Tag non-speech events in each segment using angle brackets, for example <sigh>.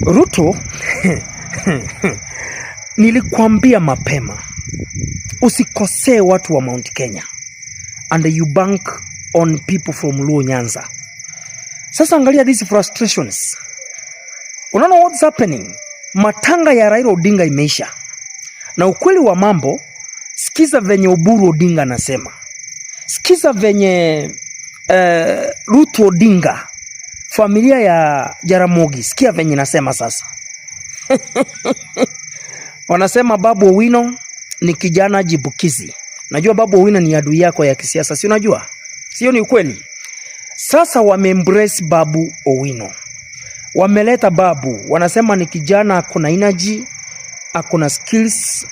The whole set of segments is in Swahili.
Ruto <laughs> nilikuambia mapema usikosee watu wa Mount Kenya and you bank on people from Luo Nyanza. Sasa angalia these frustrations, unaona what's happening. Matanga ya Raila Odinga imeisha, na ukweli wa mambo, sikiza venye Oburu Odinga anasema, sikiza venye uh, Ruto Odinga familia ya Jaramogi, sikia venye nasema sasa <laughs> wanasema Babu Owino ni kijana jibukizi. Najua Babu Owino ni adui yako ya kisiasa, si unajua? Sio, ni ukweli. Sasa wameembrace Babu Owino, wameleta Babu, wanasema ni kijana akona energy, akuna skills,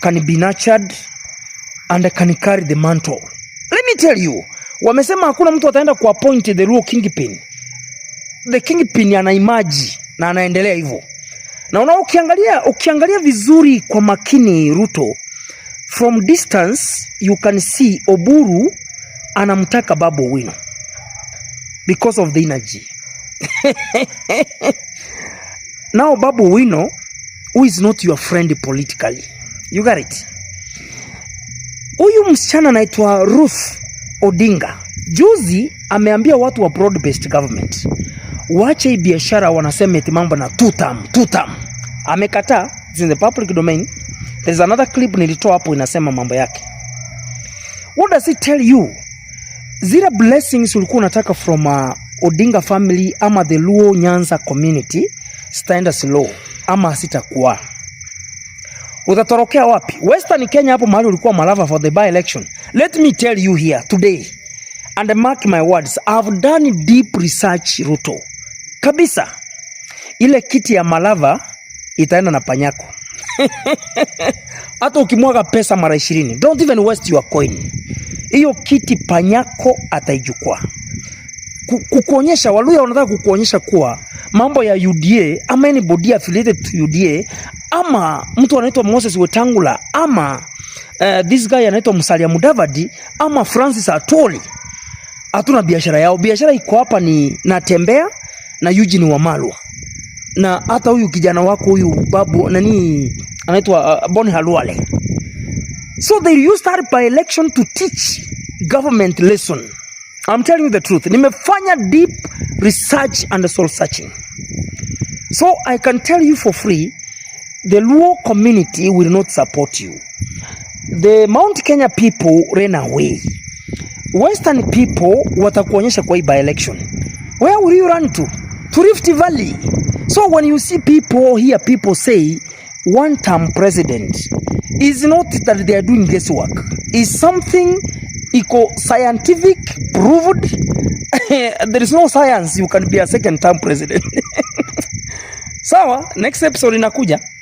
can be nurtured and can carry the mantle. Let me tell you, wamesema hakuna mtu ataenda kuappoint the Luo kingpin the Kingpin imaji na anaendelea hivyo, na una ukiangalia, ukiangalia vizuri kwa makini Ruto from distance you can see Oburu anamtaka Babu Owino because of the energy <laughs> now Babu Owino who is not your friend politically you got it. Huyu msichana anaitwa Ruth Odinga juzi ameambia watu wa broad based government waache hii biashara, wanasema eti mambo na tutam tutam. Amekataa, it's in the public domain. There's another clip nilitoa hapo inasema mambo yake. What does it tell you? Zile blessings ulikuwa unataka from uh, Odinga family ama the Luo Nyanza community stand low ama sitakuwa utatorokea wapi? Western Kenya hapo mahali ulikuwa malava for the by election. Let me tell you here today and mark my words, I've done deep research Ruto kabisa, ile kiti ya Malava itaenda na panyako hata ukimwaga pesa mara ishirini, don't even waste your coin. Hiyo kiti panyako ataijukua kukuonyesha. Waluya wanataka kukuonyesha kuwa mambo ya UDA ama any body affiliated to UDA ama mtu anaitwa Moses Wetangula ama uh, this guy anaitwa Musalia Mudavadi ama Francis Atoli, hatuna biashara yao. Biashara iko hapa, ni natembea na Eugene Wamalwa na hata huyu kijana wako huyu babu nani anaitwa uh, Boni Halwale. So they you her by election to teach government lesson. I'm telling you the truth. Nimefanya deep research and soul searching. So I can tell you for free, the Luo community will not support you. The Mount Kenya people ran away. Western people watakuonyesha kwa hii by election. Where will you run to? to Rift Valley. So when you see people hear people say one term president is not that they are doing work is something eco scientific proved. <laughs> there is no science you can be a second term president. <laughs> Sawa, next episode inakuja.